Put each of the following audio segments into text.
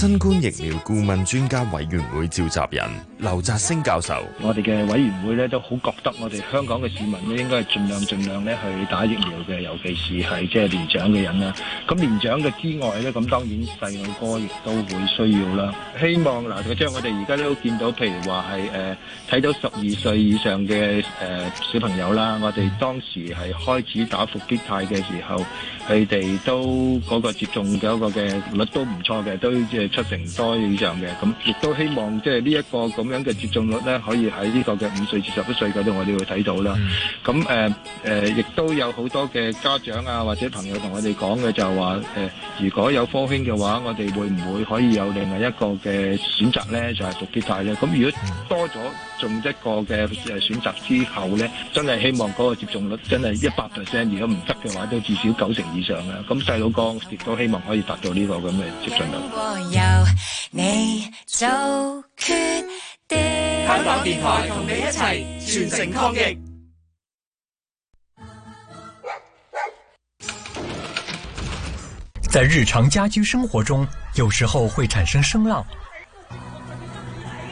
新冠疫苗顧問專家委員會召集人劉澤星教授：我哋嘅委員會咧都好覺得，我哋香港嘅市民咧應該係盡量盡量咧去打疫苗嘅，尤其是係即係年長嘅人啦。咁年長嘅之外咧，咁當然細路哥亦都會需要啦。希望嗱，將、即係、我哋而家都見到，譬如話係誒睇到十二歲以上嘅誒、呃、小朋友啦，我哋當時係開始打復必泰嘅時候，佢哋都嗰個接種嘅嗰個嘅率都唔錯嘅，都即係。七成多以上嘅，咁亦都希望即係呢一個咁樣嘅接種率咧，可以喺呢個嘅五歲至十一歲嗰度我哋會睇到啦。咁誒誒，亦都有好多嘅家長啊，或者朋友同我哋講嘅就係話誒，如果有科興嘅話，我哋會唔會可以有另外一個嘅選擇咧？就係復必泰咧？咁如果多咗，做一個嘅選擇之後咧，真係希望嗰個接種率真係一百 percent，如果唔得嘅話，都至少九成以上啦。咁細佬哥亦都希望可以達到呢個咁嘅接種率。香港電台同你一齊全城抗疫。在日常家居生活中，有時候會產生聲浪。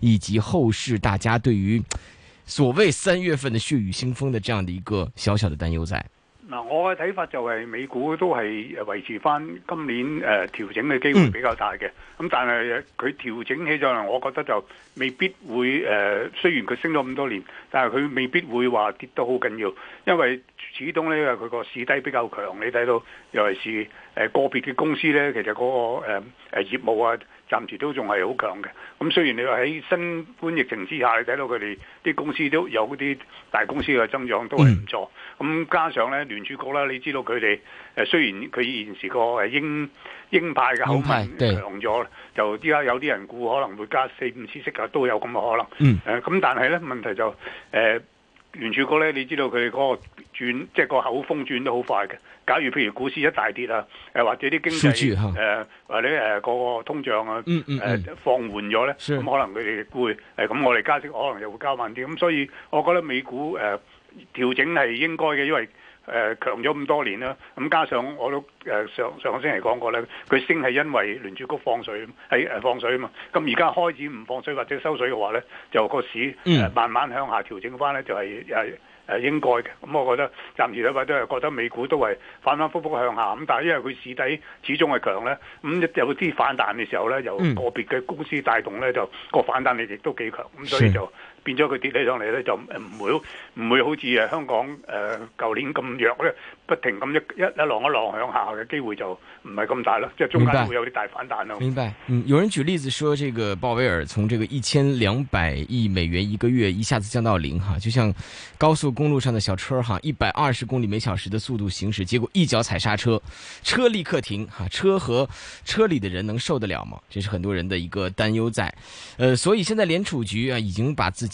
以及後市大家對於所謂三月份的血雨腥風的這樣的一個小小的擔憂在。嗱，我嘅睇法就係美股都係維持翻今年誒、呃、調整嘅機會比較大嘅，咁但係佢調整起上嚟，我覺得就未必會誒、呃，雖然佢升咗咁多年，但係佢未必會話跌得好緊要，因為始終呢，佢個市底比較強，你睇到尤其是誒、呃、個別嘅公司呢，其實嗰、那個誒誒、呃呃、業務啊。暫時都仲係好強嘅，咁、嗯、雖然你話喺新冠疫情之下，你睇到佢哋啲公司都有啲大公司嘅增長都係唔錯，咁、嗯嗯、加上咧聯儲局啦，你知道佢哋誒雖然佢現時個鷹鷹派嘅口吻強咗，就依家有啲人估可能會加四五次息嘅都有咁嘅可能，咁、嗯呃、但係咧問題就、呃原著哥咧，你知道佢哋嗰個轉，即、就、係、是、個口風轉得好快嘅。假如譬如股市一大跌啊，或者啲經濟著、呃、或者誒個通脹啊、嗯嗯嗯、放緩咗咧，咁的可能佢哋會誒咁我哋加息可能又會加慢啲。咁所以我覺得美股、呃、調整係應該嘅，因為。誒、呃、強咗咁多年啦，咁、嗯、加上我都誒、呃、上上個星期講過咧，佢升係因為聯儲局放水喺、哎啊、放水啊嘛，咁而家開始唔放水或者收水嘅話咧，就個市、呃、慢慢向下調整翻咧、就是，就係誒應該嘅。咁、嗯嗯嗯、我覺得暫時睇法都係覺得美股都係反反覆覆向下，咁、嗯、但係因為佢市底始終係強咧，咁、嗯、有啲反彈嘅時候咧，由個別嘅公司帶動咧，就個反彈力亦都幾強，咁、嗯、所以就。變咗佢跌起上嚟咧，就誒唔會唔會好似誒香港誒舊、呃、年咁弱咧，不停咁一一一浪一浪向下嘅機會就唔係咁大咯，即係中間會有啲大反彈咯。明白，嗯，有人舉例子說，這個鮑威爾從這個一千兩百億美元一個月一下子降到零哈、啊，就像高速公路上的小車哈，一百二十公里每小時的速度行駛，結果一腳踩煞車，車立刻停哈、啊，車和車裡的人能受得嚟嗎？這是很多人的一個擔憂在，呃，所以現在聯儲局啊已經把自己。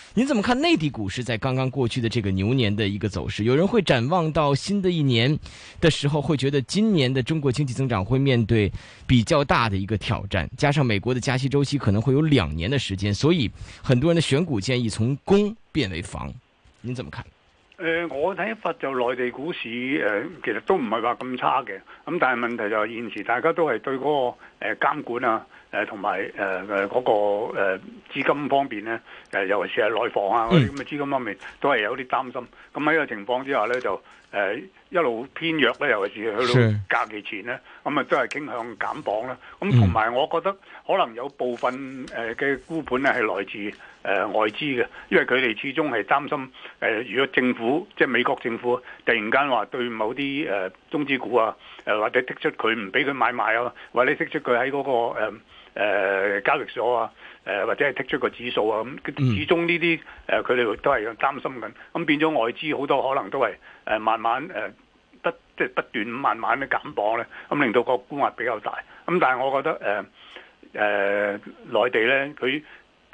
你怎麼看內地股市在剛剛過去的這個牛年的一個走勢？有人會展望到新的一年的時候，會覺得今年的中國經濟增長會面對比較大的一個挑戰，加上美國的加息周期可能會有兩年的時間，所以很多人的選股建議從攻變為防。你怎麼看？呃，我睇法就內地股市誒、呃，其實都唔係話咁差嘅，咁但係問題就係、是、現時大家都係對嗰個誒監管啊。誒同埋誒嗰個誒、呃、資金方面咧，誒、呃、尤其是係內房啊嗰啲咁嘅資金方面，都係有啲擔心。咁喺呢個情況之下咧，就誒、呃、一路偏弱咧，尤其是去到假期前咧，咁啊是、嗯、都係傾向減磅啦。咁同埋，嗯、我覺得可能有部分嘅、呃、沽盤咧係來自、呃、外資嘅，因為佢哋始終係擔心、呃、如果政府即係美國政府突然間話對某啲誒、呃、中資股啊、呃、或者剔出佢唔俾佢買賣啊，或者剔出佢喺嗰個、呃誒、呃、交易所啊，誒、呃、或者係剔出個指數啊，咁始終呢啲誒佢哋都係擔心緊，咁、嗯嗯、變咗外資好多可能都係誒、呃、慢慢誒、呃、不即係、就是、不斷慢慢咧減磅咧，咁、嗯、令到個沽壓比較大。咁、嗯、但係我覺得誒誒、呃呃、內地咧，佢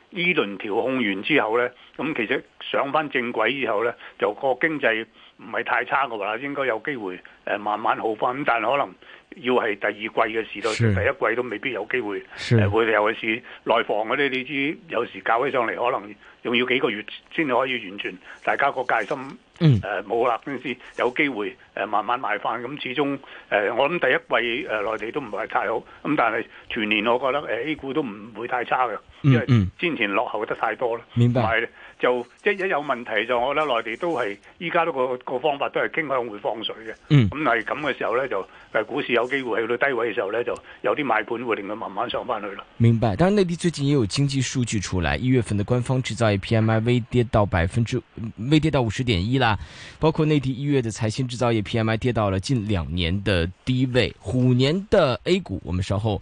呢輪調控完之後咧，咁、嗯、其實上翻正軌以後咧，就個經濟唔係太差嘅話，應該有機會誒慢慢好翻。咁、嗯、但係可能，要係第二季嘅時代，是第一季都未必有機會，會尤其是內房嗰啲，你知有時搞起上嚟，可能仲要幾個月先至可以完全大家個戒心誒冇啦，公司、嗯呃、有機會誒、呃、慢慢買翻。咁、嗯、始終誒、呃、我諗第一季誒、呃、內地都唔係太好，咁、嗯、但係全年我覺得誒、呃、A 股都唔會太差嘅，因為先前落後得太多啦，明白。就即係一有問題，就，我覺得內地都係依家都個個方法都係傾向會放水嘅。嗯，咁係咁嘅時候呢，就誒股市有機會去到低位嘅時候呢，就有啲買盤會令佢慢慢上翻去啦。明白。當然，內地最近也有經濟數據出來，一月份的官方製造業 PMI 微跌到百分之微跌到五十點一啦。包括內地一月的財新製造業 PMI 跌到了近兩年的低位，虎年的 A 股，我們稍後。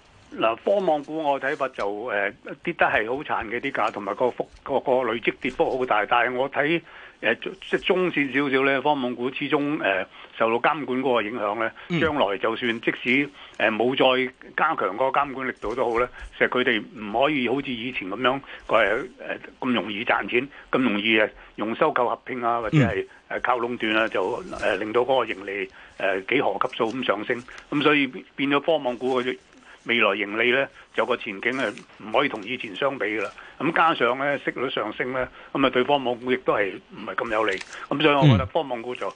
嗱，科網股我睇法就誒跌得係好殘嘅啲價，同埋個幅個個累積跌幅好大。但係我睇誒即係中線少少咧，科網股始終誒、呃、受到監管嗰個影響咧，將來就算即使誒冇、呃、再加強嗰個監管力度都好咧，其實佢哋唔可以好似以前咁樣佢係咁容易賺錢，咁容易誒用收購合併啊，或者係靠壟斷啊，就、呃、令到嗰個盈利誒、呃、幾何級數咁上升。咁所以變咗科網股未來盈利呢？有個前景係唔可以同以前相比嘅啦。咁加上咧息率上升咧，咁啊對方望股亦都係唔係咁有利。咁所以，我覺得方望股就誒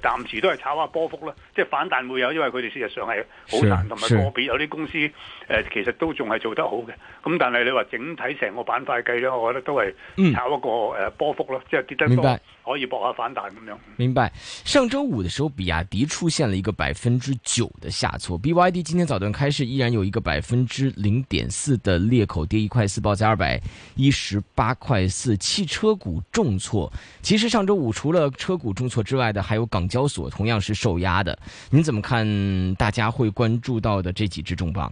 暫時都係炒下波幅啦，即係反彈會有，因為佢哋事實上係好難，同埋是個別是有啲公司誒、呃、其實都仲係做得好嘅。咁但係你話整體成個板塊計咧，我覺得都係炒一個誒波幅咯，即係跌得多可以搏下反彈咁樣。明白。樣上周五嘅時候，比亞迪出現了一個百分之九嘅下挫，BYD 今天早段開市依然有一個百分之零。零點四的裂口跌一塊四，報在二百一十八塊四。汽車股重挫，其實上周五除了車股重挫之外的，的還有港交所同樣是受壓的。你怎麼看？大家會關注到的這幾隻重磅？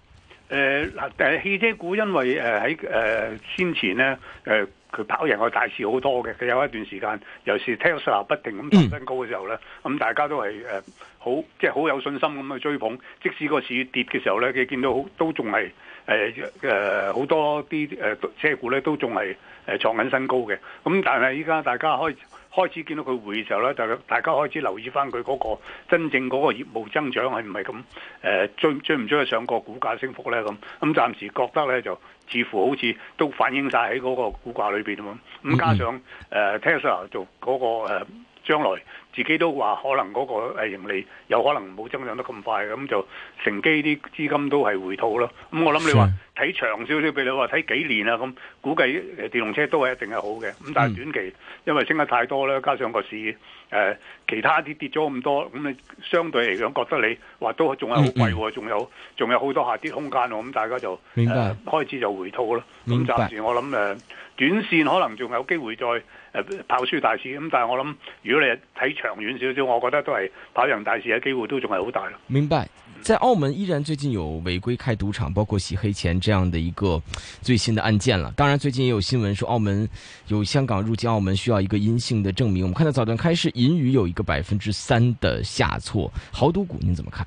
誒，嗱，誒，汽車股因為誒喺誒先前呢，誒、呃、佢跑贏個大市好多嘅，佢有一段時間尤其是 Tesla 不停咁創新高嘅時候呢，咁、嗯嗯、大家都係誒、呃、好即係好有信心咁去追捧，即使個市跌嘅時候呢，佢見到好都仲係。誒誒，好、呃、多啲誒、呃、車股咧都仲係誒創緊新高嘅，咁但係依家大家開始開始見到佢會嘅時候咧，就大家開始留意翻佢嗰個真正嗰個業務增長係唔係咁誒追追唔追得上個股價升幅咧？咁咁暫時覺得咧就似乎好似都反映晒喺嗰個股價裏邊啊，咁加上誒 Tesla、呃、做嗰、嗰個、呃將來自己都話可能嗰個盈利有可能冇增長得咁快，咁就乘機啲資金都係回吐咯。咁我諗你話睇長少少，俾是你話睇幾年啊，咁估計誒電動車都係一定係好嘅。咁但係短期因為升得太多啦，加上個市、嗯呃、其他啲跌咗咁多，咁你相對嚟講覺得你話都仲係好貴，仲、嗯嗯、有仲有好多下跌空間喎，咁大家就白、呃、開始就回吐咯。咁暫時我諗誒短線可能仲有機會再誒、呃、跑輸大市咁，但係我諗如果你睇長遠少少，我覺得都係跑贏大市嘅機會都仲係好大咯。明白，在澳門依然最近有違規開賭場，包括洗黑錢這樣的一個最新的案件啦。當然最近也有新聞說澳門有香港入境澳門需要一個陰性的證明。我們看到早段開市，銀娛有一個百分之三的下挫，豪賭股您怎麼看？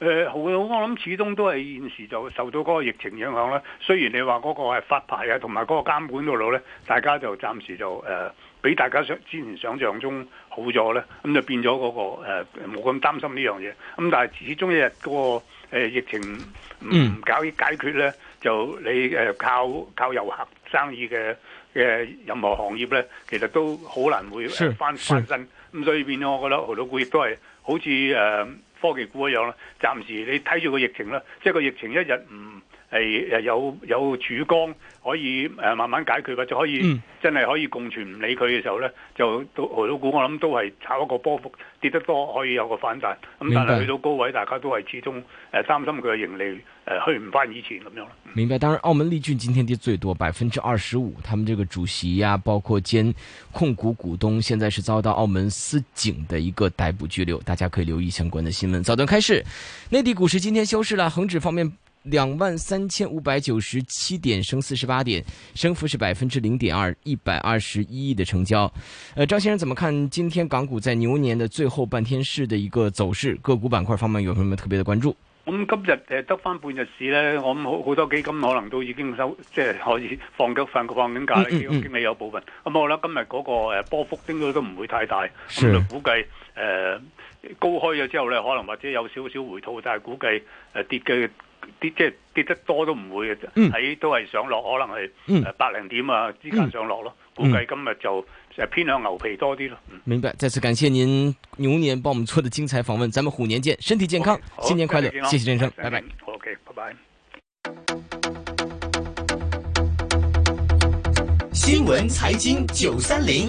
誒，好、呃、我諗始終都係現時就受到嗰個疫情影響啦。雖然你話嗰個係發牌啊，同埋嗰個監管度度咧，大家就暫時就誒、呃，比大家想之前想象中好咗咧。咁、嗯、就變咗嗰、那個誒，冇咁擔心呢樣嘢。咁、嗯、但係始終一日嗰個誒、那個呃、疫情唔搞解決咧，嗯、就你誒靠靠遊客生意嘅嘅任何行業咧，其實都好難會翻是、啊、翻身。咁是所以變咗，我覺得好多股業都係好似誒。呃科技股一樣啦，暫時你睇住個疫情啦，即係個疫情一日唔係誒、呃、有有曙光可以誒、呃、慢慢解決嘅，就可以、嗯、真係可以共存唔理佢嘅時候呢，就到好多股我諗都係炒一個波幅跌得多可以有個反彈，咁、嗯、但係去到高位大家都係始終誒擔心佢嘅盈利誒、呃、去唔翻以前咁樣啦。明白。當然，澳門利俊今天跌最多百分之二十五，他們這個主席呀、啊，包括兼控股股東，現在是遭到澳門司警的一個逮捕拘留，大家可以留意相關的新聞。早段開始，內地股市今天休市啦，恒指方面。兩萬三千五百九十七點，升四十八點，升幅是百分之零點二，一百二十一億的成交。誒、呃，張先生，怎麼看今天港股在牛年的最後半天市的一個走勢？個股板塊方面有什麼特別的關注？咁今日誒得返半日市呢，我好好多基金可能都已經收，即係可以放得放放緊價咧。基金經理有部分咁我覺得今日嗰個誒波幅應該都唔會太大。咁是估計誒、呃、高開咗之後呢，可能或者有少少回吐，但係估計誒、呃、跌嘅。跌即係跌得多都唔會嘅，喺、嗯、都係上落，可能係誒百零點啊、嗯、之間上落咯。估計今日就成日偏向牛皮多啲咯。嗯嗯、明白，再次感謝您牛年幫我哋出的精彩訪問，咱們虎年見，身體健康，okay, 好新年快樂，謝謝先生，年拜拜。OK，拜拜。新聞財經九三零。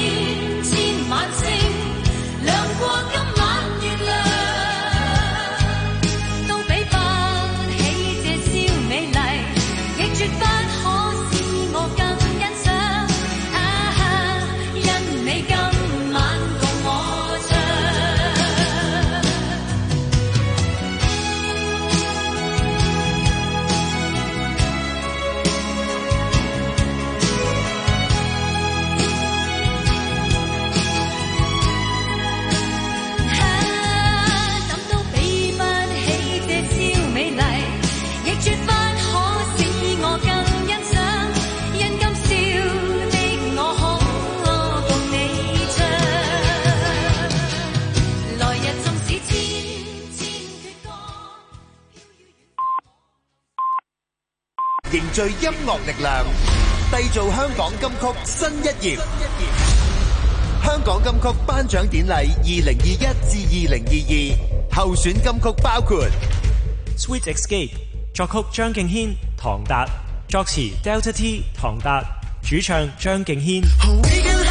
聚音樂力量，製造香港金曲新一頁。香港金曲頒獎典禮二零二一至二零二二候選金曲包括《Sweet Escape》，作曲張敬軒、唐達，作詞 Delta T、唐達，主唱張敬軒。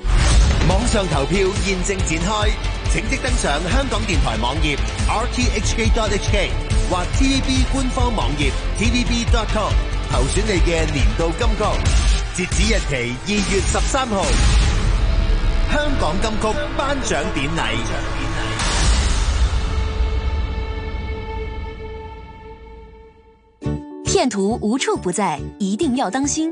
網上投票現正展開，請即登上香港電台網頁 r t h k dot h k 或 T V B 官方網頁 t v b dot com 投選你嘅年度金曲，截止日期二月十三號。香港金曲頒獎典禮。騙徒無處不在，一定要當心。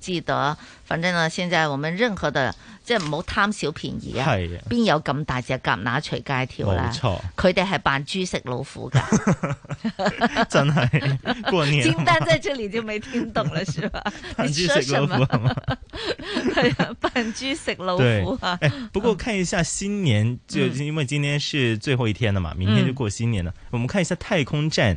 知道，反正呢，現在我們任何的即係唔好貪小便宜啊，邊的有咁大隻蛤乸隨街跳啦？冇錯，佢哋係扮豬食老虎噶， 真係過年。金丹在這裡就沒聽懂了，是吧？你說什麼？係啊，扮豬食老虎啊，哎！不過看一下新年，嗯、就因為今天是最後一天了嘛，明天就過新年了。嗯、我們看一下太空站。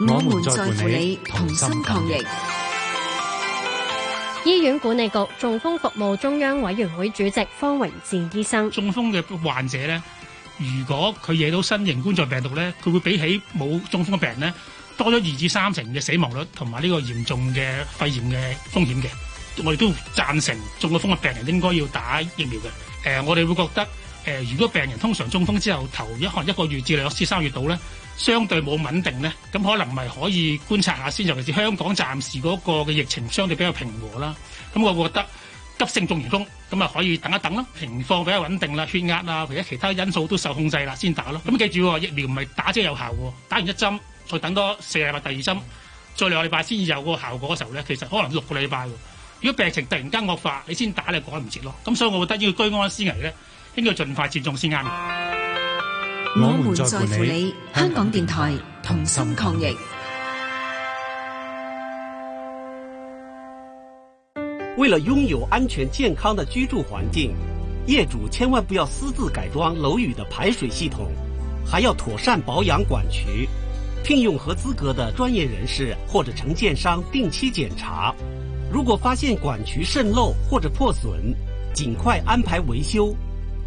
我們在乎你，同心抗疫。醫院管理局中風服務中央委員會主席方榮志醫生：中風嘅患者咧，如果佢惹到新型冠狀病毒咧，佢會比起冇中風嘅病人咧，多咗二至三成嘅死亡率，同埋呢個嚴重嘅肺炎嘅風險嘅。我哋都贊成中咗風嘅病人應該要打疫苗嘅。誒、呃，我哋會覺得。誒，如果病人通常中風之後頭一可能一個月至兩至三月度咧，相對冇穩定咧，咁可能咪可以觀察下先。尤其是香港暫時嗰個嘅疫情相對比較平和啦，咁我覺得急性中風咁啊，可以等一等咯。情況比較穩定啦，血壓啊或者其他因素都受控制啦，先打咯。咁記住喎，疫苗唔係打即有效嘅，打完一針再等多四禮拜，第二針再兩個禮拜先有個效果嘅時候咧，其實可能六個禮拜。如果病情突然間惡化，你先打你趕唔切咯。咁所以我覺得要居安思危咧。應該盡快接種先啱。我們在乎你，香港電台同心抗疫。為了擁有安全健康的居住環境，業主千萬不要私自改裝樓宇的排水系統，還要妥善保養管渠，聘用合資格的專業人士或者承建商定期檢查。如果發現管渠滲漏或者破損，盡快安排維修。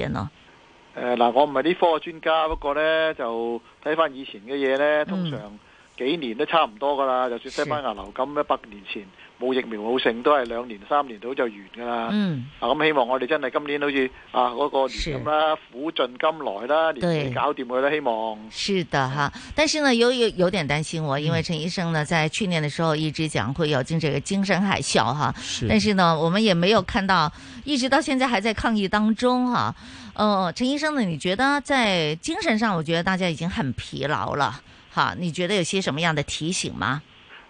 嘢嗱、 呃，我唔係啲科學專家，不過呢，就睇翻以前嘅嘢呢，通常幾年都差唔多噶啦，嗯、就算西班牙流感一百年前。冇疫苗冇剩，都係兩年三年到就完噶啦。嗯啊。啊，咁希望我哋真係今年好似啊嗰個年咁啦，是苦盡甘來啦，年年搞掂佢啦，對希望。是的哈，但是呢，有有有點擔心我，因為陳醫生呢，在去年的時候一直講會有經這個精神海嘯哈。是。但是呢，我們也沒有看到，一直到現在還在抗疫當中哈。哦、呃，陳醫生呢？你覺得在精神上，我覺得大家已經很疲勞了，哈？你覺得有些什麼樣的提醒嗎？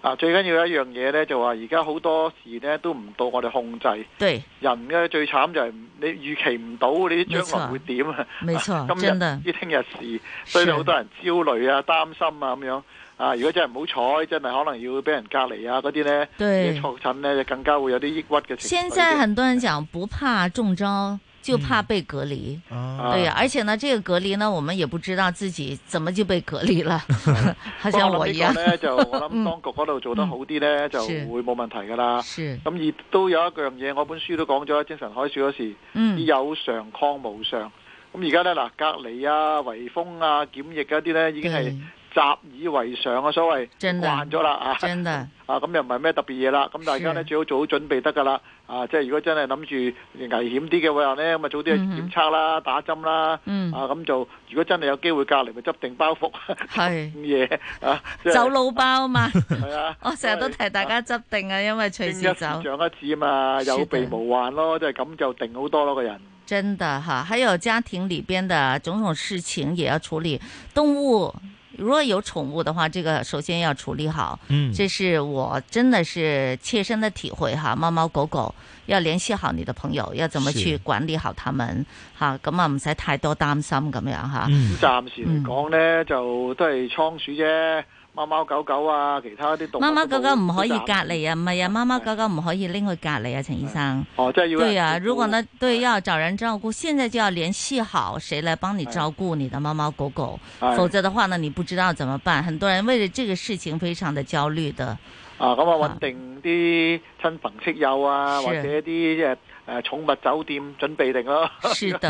啊！最緊要一樣嘢咧，就話而家好多事咧都唔到我哋控制。對，人咧最慘就係、是、你預期唔到你啲將來會點錯啊！冇錯錯，今日唔知聽日事，所以好多人焦慮啊、擔是心啊咁樣。啊！如果真係唔好彩，真係可能要俾人隔離啊嗰啲咧，呢對，確診咧就更加會有啲抑鬱嘅。現在很多人講不怕中招。就怕被隔離，嗯啊、對，而且呢，這個隔離呢，我們也不知道自己怎麼就被隔離了，啊、 好像我一樣。我想呢就我想當局嗰度做得好啲呢，嗯、就會冇問題噶啦。咁亦是、嗯嗯、都有一樣嘢，我本書都講咗，精神開始嗰時候有常抗無常。咁而家呢，嗱、嗯，嗯嗯、隔離啊、圍封啊、檢疫嗰啲呢，已經係習以為常啊，所謂慣咗啦啊。啊，咁的、啊嗯、又唔係咩特別嘢啦。咁大家呢，最好做好準備得噶啦。啊，即係如果真係諗住危險啲嘅話咧，咁啊早啲去檢測啦、mm hmm. 打針啦，mm hmm. 啊咁就，如果真係有機會隔離，咪執定包袱。係嘢啊，走佬包啊嘛。係啊，我成日都提大家執定啊，因為隨時走。長一次啊嘛，有備無患咯，即係咁就定好多咯個人。真的吓，還有家庭裏邊的種種事情也要處理，動物。如果有寵物的話，這個首先要處理好，嗯，這是我真的是切身的體會哈。貓貓狗狗要聯繫好你的朋友，要怎麼去管理好他們，吓咁是啊唔使太多擔心咁樣吓。啊、嗯，暫時嚟講呢，嗯、就都係倉鼠啫。貓貓狗狗啊，其他啲動物。貓貓狗狗唔可以隔離啊，唔係的啊，貓貓狗狗唔可以拎去隔離啊，陳醫生。哦，即、就、係、是、要。對啊，如果呢對的要找人照顧，現在就要聯繫好誰來幫你照顧你的貓貓狗狗，啊嗯、否則的話呢，你不知道怎麼辦。很多人為了這個事情非常的焦慮的。啊，咁啊，搵定啲親朋戚友啊，或者啲誒誒寵物酒店準備定咯。是的。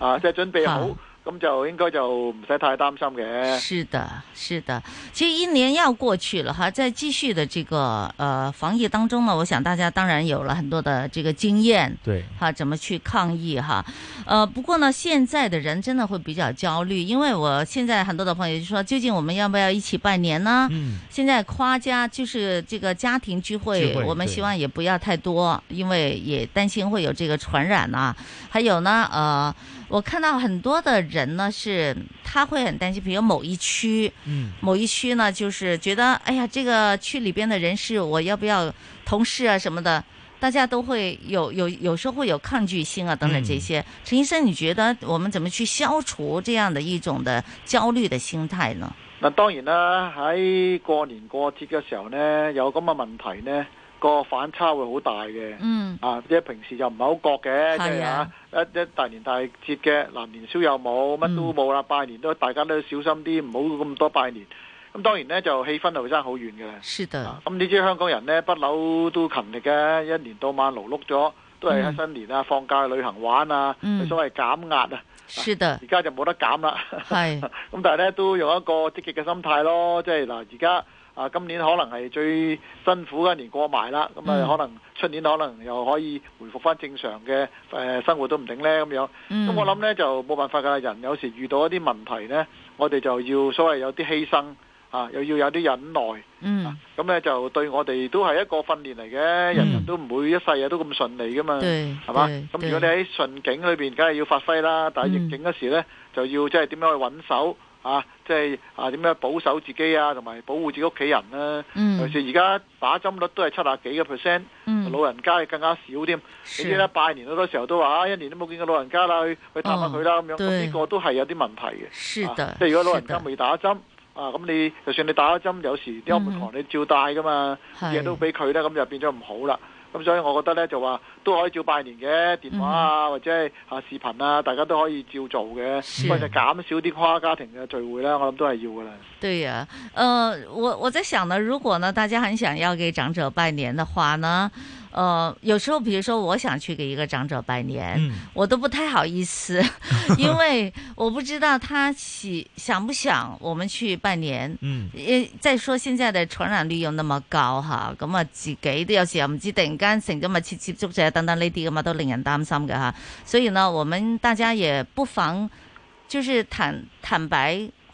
啊，即係準備好。咁就應該就唔使太擔心嘅。是的，是的。其實一年要過去了哈，在繼續的這個，呃，防疫當中呢，我想大家當然有了很多的這個經驗。對。哈、啊，怎麼去抗疫哈、啊？呃，不過呢，現在的人真的會比較焦慮，因為我現在很多的朋友就說，究竟我們要不要一起拜年呢？嗯。現在跨家就是這個家庭聚會，聚會，我們希望也不要太多，對因為也擔心會有這個傳染啊。還有呢，呃。我看到很多的人呢，是他會很擔心，比如某一區，嗯，某一區呢，就是覺得，哎呀，這個區裏邊的人士我要不要同事啊什麼的，大家都會有有有時候會有抗拒心啊等等這些。陳、嗯、醫生，你覺得我們怎麼去消除這樣的一種的焦慮的心態呢？那當然啦，喺過年過節嘅時候呢，有咁嘅問題呢。個反差會好大嘅，嗯、啊，即係平時就唔係好覺嘅，跟住吓一一大年大節嘅，嗱，年宵又冇，乜都冇啦，嗯、拜年都大家都要小心啲，唔好咁多拜年。咁當然呢，就氣氛就差好遠嘅。是咁呢啲香港人呢，不嬲都勤力嘅，一年到晚勞碌咗，都係喺新年啊、嗯、放假去旅行玩啊，所謂減壓啊。是而家就冇得減啦。係，咁但係呢，都用一個積極嘅心態咯，即係嗱而家。啊，今年可能係最辛苦的一年過埋啦，咁啊、嗯，可能出年可能又可以回復翻正常嘅誒、呃、生活都唔定呢。咁樣。咁、嗯、我諗呢就冇辦法㗎，人有時遇到一啲問題呢，我哋就要所謂有啲犧牲，啊，又要有啲忍耐。嗯。咁呢、啊、就對我哋都係一個訓練嚟嘅，嗯、人人都唔會一世嘢都咁順利噶嘛，係嘛？咁如果你喺順境裏邊，梗係要發揮啦，但係逆境嗰時咧、嗯、就要即係點樣去揾手。吓、啊，即係啊，點樣保守自己啊，同埋保護自己屋企人啦、啊。嗯、尤其是而家打針率都係七啊幾個 percent，老人家更加少添。是你知啦，拜年好多時候都話啊，一年都冇見過老人家啦，去去探下佢啦咁、哦、樣，咁呢對個都係有啲問題嘅的、啊。即係如果老人家未打針的啊，咁你就算你打咗針，有時啲後門堂你照帶噶嘛，嘢是都俾佢咧，咁就變咗唔好啦。咁、嗯、所以，我覺得咧就話，都可以照拜年嘅電話啊，嗯、或者係啊視頻啊，大家都可以照做嘅，不過就減少啲跨家庭嘅聚會啦。我諗都係要嘅啦。對啊，呃，我我在想呢，如果呢大家很想要給長者拜年的話呢？呃，有時候比如說我想去給一個長者拜年，嗯、我都不太好意思，因為我不知道他喜 想不想我們去拜年。嗯，因再說現在的傳染率又那麼高哈，咁啊自己都有時又唔知突然間成咗密切接觸者等等呢啲咁啊，個都令人擔心噶哈。所以呢，我們大家也不妨就是坦坦白。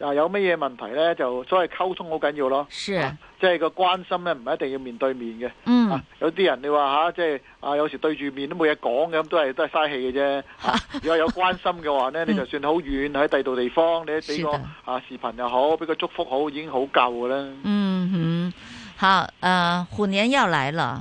啊，有咩嘢問題咧，就所謂溝通好緊要咯，即係是、啊就是、個關心咧唔係一定要面對面嘅，嗯啊，有啲人你話吓即係啊、就是、啊有時對住面都冇嘢講嘅咁都係都係嘥氣嘅啫。啊啊、如果有關心嘅話呢，嗯、你就算好遠喺第二度地方，你俾個的啊視頻又好，俾個祝福好，已經好夠嘅啦。嗯哼，好，誒、呃，虎年要來了，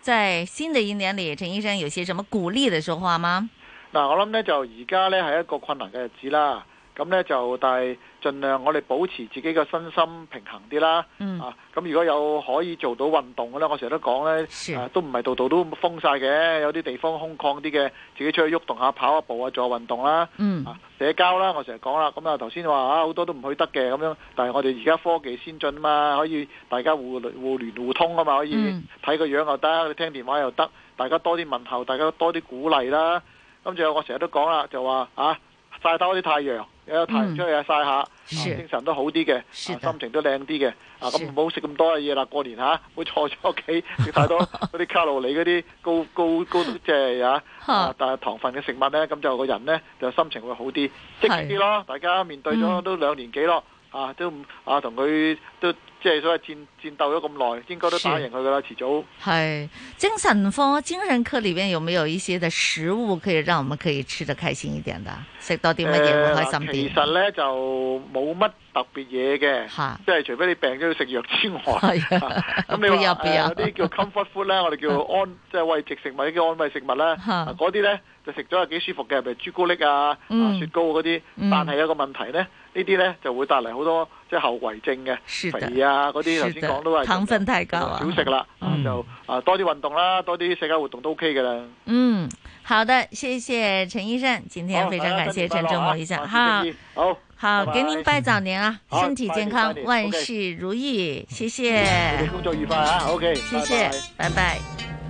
在新的一年裡，陳醫生有些什麼鼓勵的說話嗎？嗱、啊，我諗咧就而家咧係一個困難嘅日子啦，咁咧就但係。盡量我哋保持自己嘅身心平衡啲啦、啊，嗯、啊咁如果有可以做到運動嘅咧，我成日都講咧，啊都唔係度度都封晒嘅，有啲地方空曠啲嘅，自己出去喐動，動下，跑下步啊，做下運動啦，嗯、啊社交啦，我成日講啦，咁、嗯、啊頭先話啊好多都唔去得嘅咁樣，但係我哋而家科技先進嘛，可以大家互，互聯互互通啊嘛，可以睇個樣又得，聽電話又得，大家多啲問候，大家多啲鼓勵啦，咁仲有我成日都講啦，就話啊曬多啲太陽。有太陽出去曬下，嗯、精神都好啲嘅的、啊，心情都靚啲嘅。啊，咁唔好食咁多嘅嘢啦。過年吓，唔好坐咗屋企食太多嗰啲卡路里啲、嗰啲 高高高即係啊， 但係糖分嘅食物咧，咁就那個人咧就心情會好啲，積極啲咯。的大家面對咗都兩年幾咯，嗯、啊都啊同佢都。啊即係所謂戰戰鬥咗咁耐，應該都打贏佢噶啦，遲早。係精神科，精神科裏邊有冇有一些嘅食物可以讓我們可以吃得開心一點的？食多啲乜嘢會開心啲、呃？其實咧就冇乜特別嘢嘅，哈即係除非你病咗要食藥之外。咁、 啊、你話誒嗰啲叫 comfort food 我哋叫安，即係慰藉食物，叫安慰食物啦。嗰啲咧就食咗係幾舒服嘅，譬如朱古力啊，嗯、啊、雪糕嗰啲。但係有個問題咧，嗯、呢啲咧就會帶嚟好多。即係後遺症嘅肥啊，嗰啲頭先講都係糖分太高，啊，少食啦，就啊多啲運動啦，多啲社交活動都 OK 嘅啦。嗯，好的，謝謝陳醫生，今天非常感謝陳正洪醫生，哈，好好，給您拜早年啊，身體健康，萬事如意，謝謝。祝你工作愉快啊，OK，謝謝，拜拜。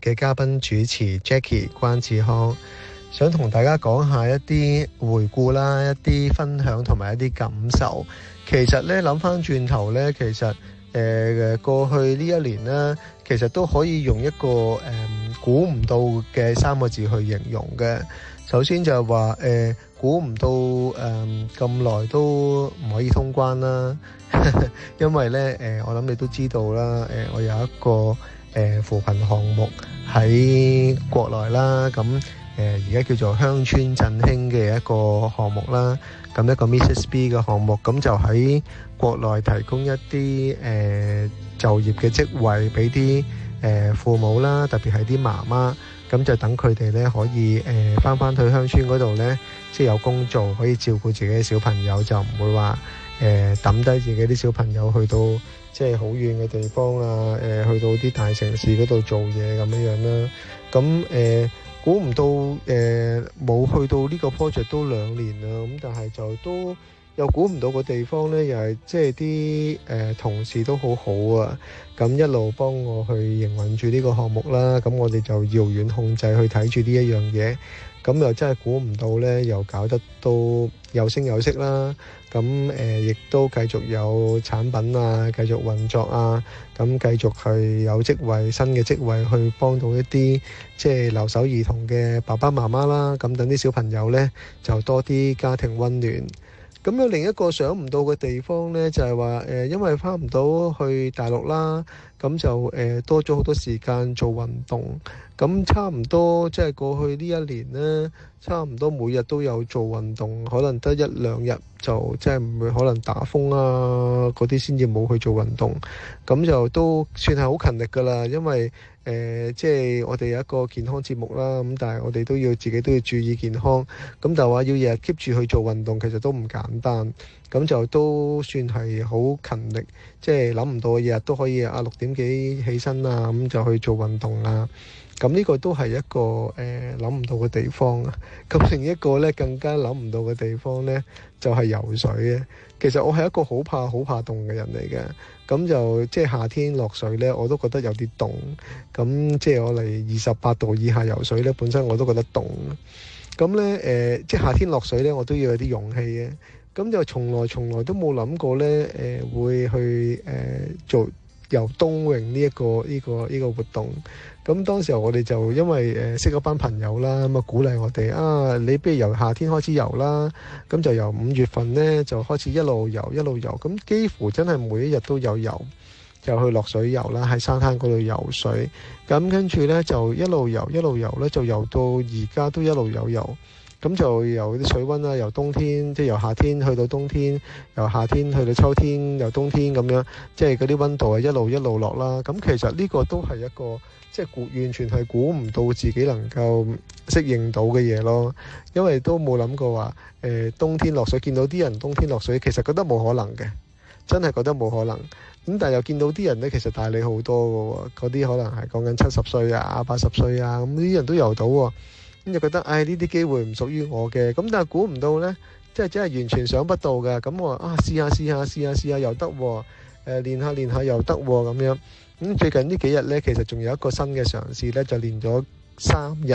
嘅嘉賓主持 Jacky 關智康，想同大家講下一啲回顧啦，一啲分享同埋一啲感受。其實呢，諗翻轉頭呢，其實誒、呃、過去呢一年呢，其實都可以用一個誒、呃、估唔到嘅三個字去形容嘅。首先就係話誒估唔到誒咁耐都唔可以通關啦， 因為呢，誒、呃、我諗你都知道啦，誒、呃、我有一個。誒扶貧項目喺國內啦，咁誒而家叫做鄉村振興嘅一個項目啦，咁一個 Misses B 嘅項目，咁就喺國內提供一啲誒、呃、就業嘅職位俾啲誒父母啦，特別係啲媽媽，咁就等佢哋咧可以誒返返去鄉村嗰度咧，即係有工作可以照顧自己嘅小朋友，就唔會話誒揼低自己啲小朋友去到即係好遠嘅地方啊、呃！去到啲大城市嗰度做嘢咁樣樣啦。咁誒，估、呃、唔到誒冇、呃、去到呢個 project 都兩年啦。咁但係就都又估唔到個地方呢，又係即係啲誒同事都好好啊。咁一路幫我去營運住呢個項目啦。咁我哋就遙遠控制去睇住呢一樣嘢。咁又真係估唔到呢，又搞得都有聲有色啦。咁、呃、亦都繼續有產品啊，繼續運作啊。咁繼續去有職位，新嘅職位去幫到一啲即係留守兒童嘅爸爸媽媽啦。咁等啲小朋友呢，就多啲家庭溫暖。咁有另一個想唔到嘅地方呢，就係、是、話、呃、因為返唔到去大陸啦。咁就誒、呃、多咗好多時間做運動，咁差唔多即係、就是、過去呢一年呢，差唔多每日都有做運動，可能得一兩日就即係唔會可能打風啊嗰啲先至冇去做運動，咁就都算係好勤力㗎啦，因為誒即係我哋有一個健康節目啦，咁但係我哋都要自己都要注意健康，咁但係話要日日 keep 住去做運動，其實都唔簡單。咁就都算係好勤力，即係諗唔到嘅嘢，日日都可以啊六點幾起身啊，咁就去做運動啦、啊。咁呢個都係一個誒諗唔到嘅地方啊。咁另一個咧更加諗唔到嘅地方咧，就係、是、游水嘅。其實我係一個好怕好怕凍嘅人嚟嘅，咁就即係、就是、夏天落水咧，我都覺得有啲凍。咁即係我嚟二十八度以下游水咧，本身我都覺得凍。咁咧誒，即係夏天落水咧，我都要有啲勇氣嘅。咁就從來從來都冇諗過咧，誒會去誒做遊冬泳呢一個呢個呢個活動。咁當時候我哋就因為誒識咗班朋友啦，咁啊鼓勵我哋啊，你不如由夏天開始遊啦。咁就由五月份咧就開始一路遊一路遊，咁幾乎真係每一日都有遊，就去落水遊啦，喺沙灘嗰度游水。咁跟住咧就一路遊一路遊咧，就遊到而家都一路有遊。咁就由啲水温啦，由冬天即係、就是、由夏天去到冬天，由夏天去到秋天，由冬天咁樣，即係嗰啲温度係一路一路落啦。咁其實呢個都係一個即係、就是、完全係估唔到自己能夠適應到嘅嘢咯。因為都冇諗過話、呃、冬天落水，見到啲人冬天落水，其實覺得冇可能嘅，真係覺得冇可能。咁但係又見到啲人呢，其實大你好多嘅喎，嗰啲可能係講緊七十歲啊、八十歲啊，咁呢啲人都遊到喎、哦。咁就覺得，唉，呢啲機會唔屬於我嘅，咁但係估唔到咧，即係真係完全想不到嘅。咁我啊試下試下試下試下又得喎，誒練下練下又得喎咁樣。咁最近呢幾日咧，其實仲有一個新嘅嘗試咧，就練咗三日，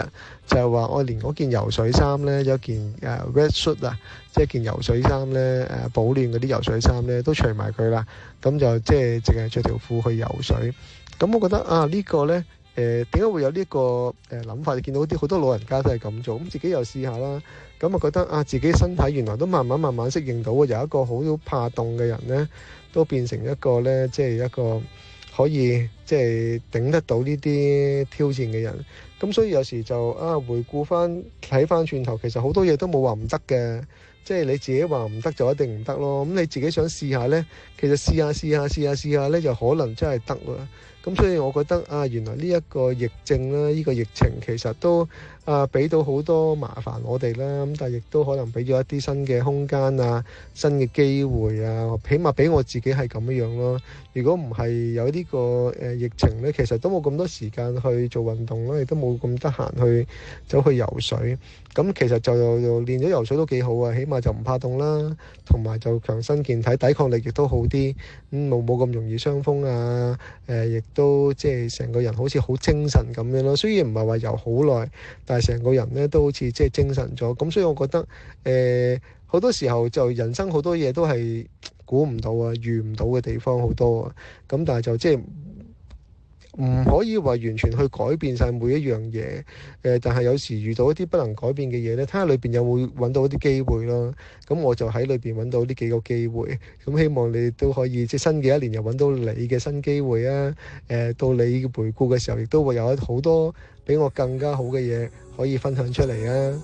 就係話我連嗰件游水衫咧，有一件誒 red shirt 啊，即係件游水衫咧，誒保暖嗰啲游水衫咧都除埋佢啦。咁就即係淨係著條褲去游水。咁我覺得啊，呢個咧。誒點解會有呢個誒諗法？你見到啲好多老人家都係咁做，咁自己又試下啦，咁啊覺得啊自己身體原來都慢慢慢慢適應到，由一個好怕凍嘅人咧，都變成一個咧，即係一個可以即係頂得到呢啲挑戰嘅人。咁所以有時就啊，回顧翻睇翻轉頭，其實好多嘢都冇話唔得嘅，即係你自己話唔得就一定唔得咯。咁你自己想試下咧，其實試下試下試下試下咧，就可能真係得喇。咁所以我覺得啊，原來呢一個疫症啦，呢個疫情其實都啊俾到好多麻煩我哋啦。咁但係亦都可能俾咗一啲新嘅空間啊，新嘅機會啊，起碼俾我自己係咁樣樣咯。如果唔係有呢個誒疫情咧，其實都冇咁多時間去做運動啦，亦都冇咁得閒去走去游水。咁其實就就練咗游水都幾好啊，起碼就唔怕凍啦，同埋就強身健體，抵抗力亦都好啲。咁冇冇咁容易傷風啊。誒，亦～都即係成個人好似好精神咁樣咯，雖然唔係話遊好耐，但係成個人咧都好似即係精神咗。咁所以我覺得，誒、呃、好多時候就人生好多嘢都係估唔到啊、遇唔到嘅地方好多啊。咁但係就即係。唔可以話完全去改變晒每一樣嘢，誒、呃，但係有時遇到一啲不能改變嘅嘢咧，睇下裏邊有冇揾到一啲機會咯。咁我就喺裏邊揾到呢幾個機會。咁希望你都可以即係新嘅一年又揾到你嘅新機會啊！誒、呃，到你回顧嘅時候，亦都會有好多比我更加好嘅嘢可以分享出嚟啊！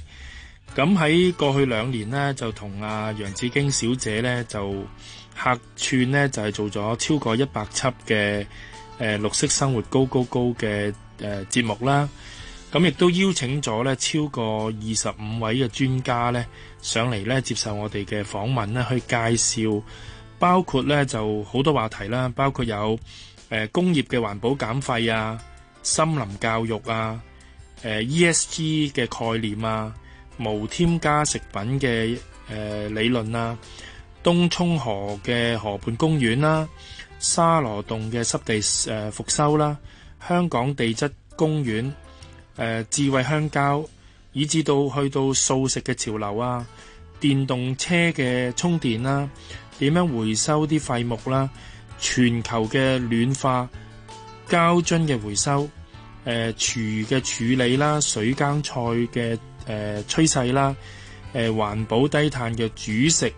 咁喺過去兩年呢，就同阿、啊、楊子矜小姐呢，就客串呢，就係、是、做咗超過一百輯嘅、呃、綠色生活 GOGOGO 嘅、呃、節目啦。咁亦都邀請咗呢超過二十五位嘅專家呢上嚟呢，接受我哋嘅訪問呢，去介紹包括呢就好多話題啦，包括有誒、呃、工業嘅環保減廢啊、森林教育啊、呃、ESG 嘅概念啊。無添加食品嘅誒、呃、理論啦、啊，東涌河嘅河畔公園啦、啊，沙羅洞嘅濕地誒，復修啦，香港地質公園誒、呃、智慧鄉郊，以至到去到素食嘅潮流啊，電動車嘅充電啦、啊，點樣回收啲廢木啦，全球嘅暖化，膠樽嘅回收，誒、呃、廚餘嘅處理啦、啊，水耕菜嘅。誒，趨勢啦，誒，環、呃、保低碳嘅煮食，誒、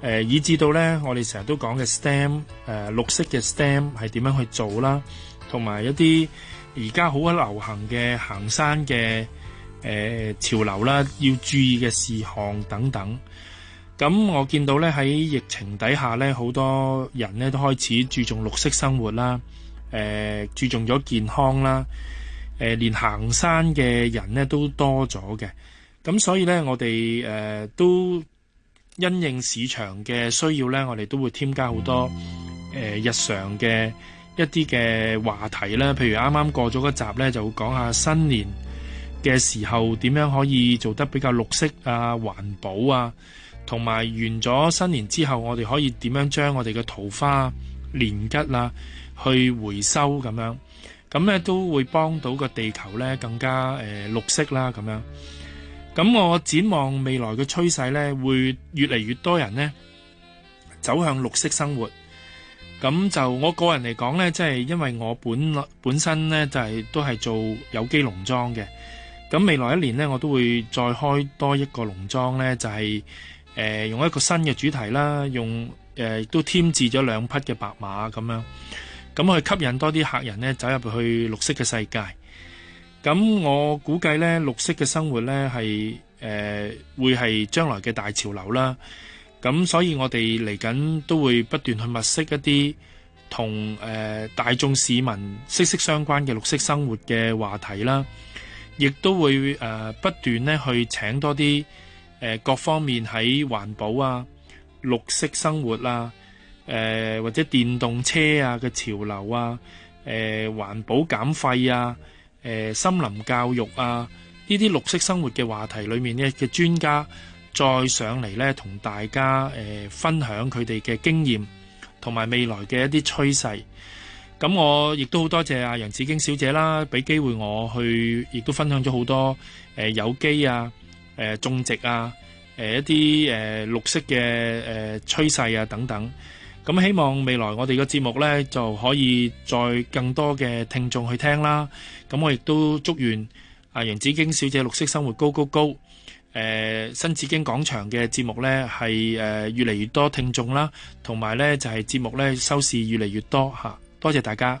呃，以至到呢我哋成日都講嘅 STEM，誒、呃，綠色嘅 STEM 係點樣去做啦，同埋一啲而家好流行嘅行山嘅誒、呃、潮流啦，要注意嘅事項等等。咁我見到呢喺疫情底下呢，好多人呢都開始注重綠色生活啦，誒、呃，注重咗健康啦。誒、呃、連行山嘅人呢都多咗嘅，咁所以呢，我哋誒、呃、都因應市場嘅需要呢，我哋都會添加好多、呃、日常嘅一啲嘅話題啦。譬如啱啱過咗一集呢，就會講下新年嘅時候點樣可以做得比較綠色啊、環保啊，同埋完咗新年之後，我哋可以點樣將我哋嘅桃花、年桔啊去回收咁樣。咁咧都會幫到個地球咧，更加誒綠色啦咁樣。咁我展望未來嘅趨勢咧，會越嚟越多人呢走向綠色生活。咁就我個人嚟講咧，即係因為我本本身咧就係都係做有機農莊嘅。咁未來一年呢，我都會再開多一個農莊咧，就係、是、誒、呃、用一個新嘅主題啦，用誒、呃、都添置咗兩匹嘅白馬咁樣。咁去吸引多啲客人呢，走入去綠色嘅世界。咁我估計呢，綠色嘅生活呢係誒、呃、會係將來嘅大潮流啦。咁所以我哋嚟緊都會不斷去物色一啲同、呃、大眾市民息息相關嘅綠色生活嘅話題啦，亦都會、呃、不斷呢去請多啲、呃、各方面喺環保啊、綠色生活啦、啊。誒、呃、或者電動車啊嘅潮流啊，誒、呃、環保減廢啊，誒、呃、森林教育啊，呢啲綠色生活嘅話題裏面咧嘅專家再上嚟呢，同大家誒、呃、分享佢哋嘅經驗同埋未來嘅一啲趨勢。咁、嗯、我亦都好多謝阿楊子矜小姐啦，俾機會我去，亦都分享咗好多誒、呃、有機啊、誒、呃、種植啊、誒、呃、一啲誒、呃、綠色嘅誒趨勢啊等等。咁希望未來我哋嘅節目呢，就可以再更多嘅聽眾去聽啦。咁我亦都祝願啊楊子矜小姐綠色生活 GOGOGO。誒、呃、新紫荊廣場嘅節目呢，係、呃、越嚟越多聽眾啦，同埋呢，就係、是、節目呢收視越嚟越多。多謝大家。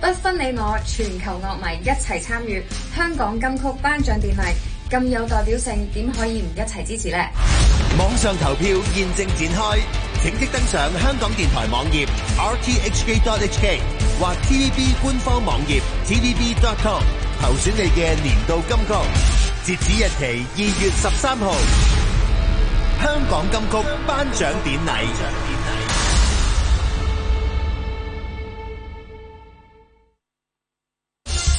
不分你我，全球樂迷一齊參與香港金曲頒獎典禮，咁有代表性，點可以唔一齊支持呢？網上投票現正展開，請即登上香港電台網頁 rthk.hk 或 TVB 官方網頁 tvb.com 投選你嘅年度金曲，截止日期二月十三號，香港金曲頒獎典禮。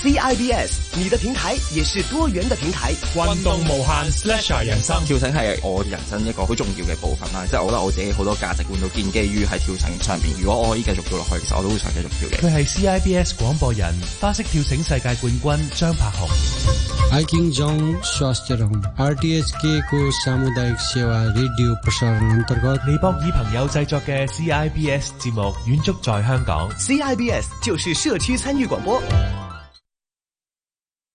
CIBS，你的平台也是多元的平台。運動無限，slash 人生。跳繩係我人生一個好重要嘅部分啦。即係我覺得我自己好多價值觀都建基於喺跳繩上邊。如果我可以繼續做落去，其實我都會想繼續跳嘅。佢係 CIBS 廣播人，花式跳繩世界冠軍張柏豪。k i n g o s a s h r k samuday s radio p r s n t 李博爾朋友製作嘅 CIBS 節目遠足在香港。CIBS 就是社區參與廣播。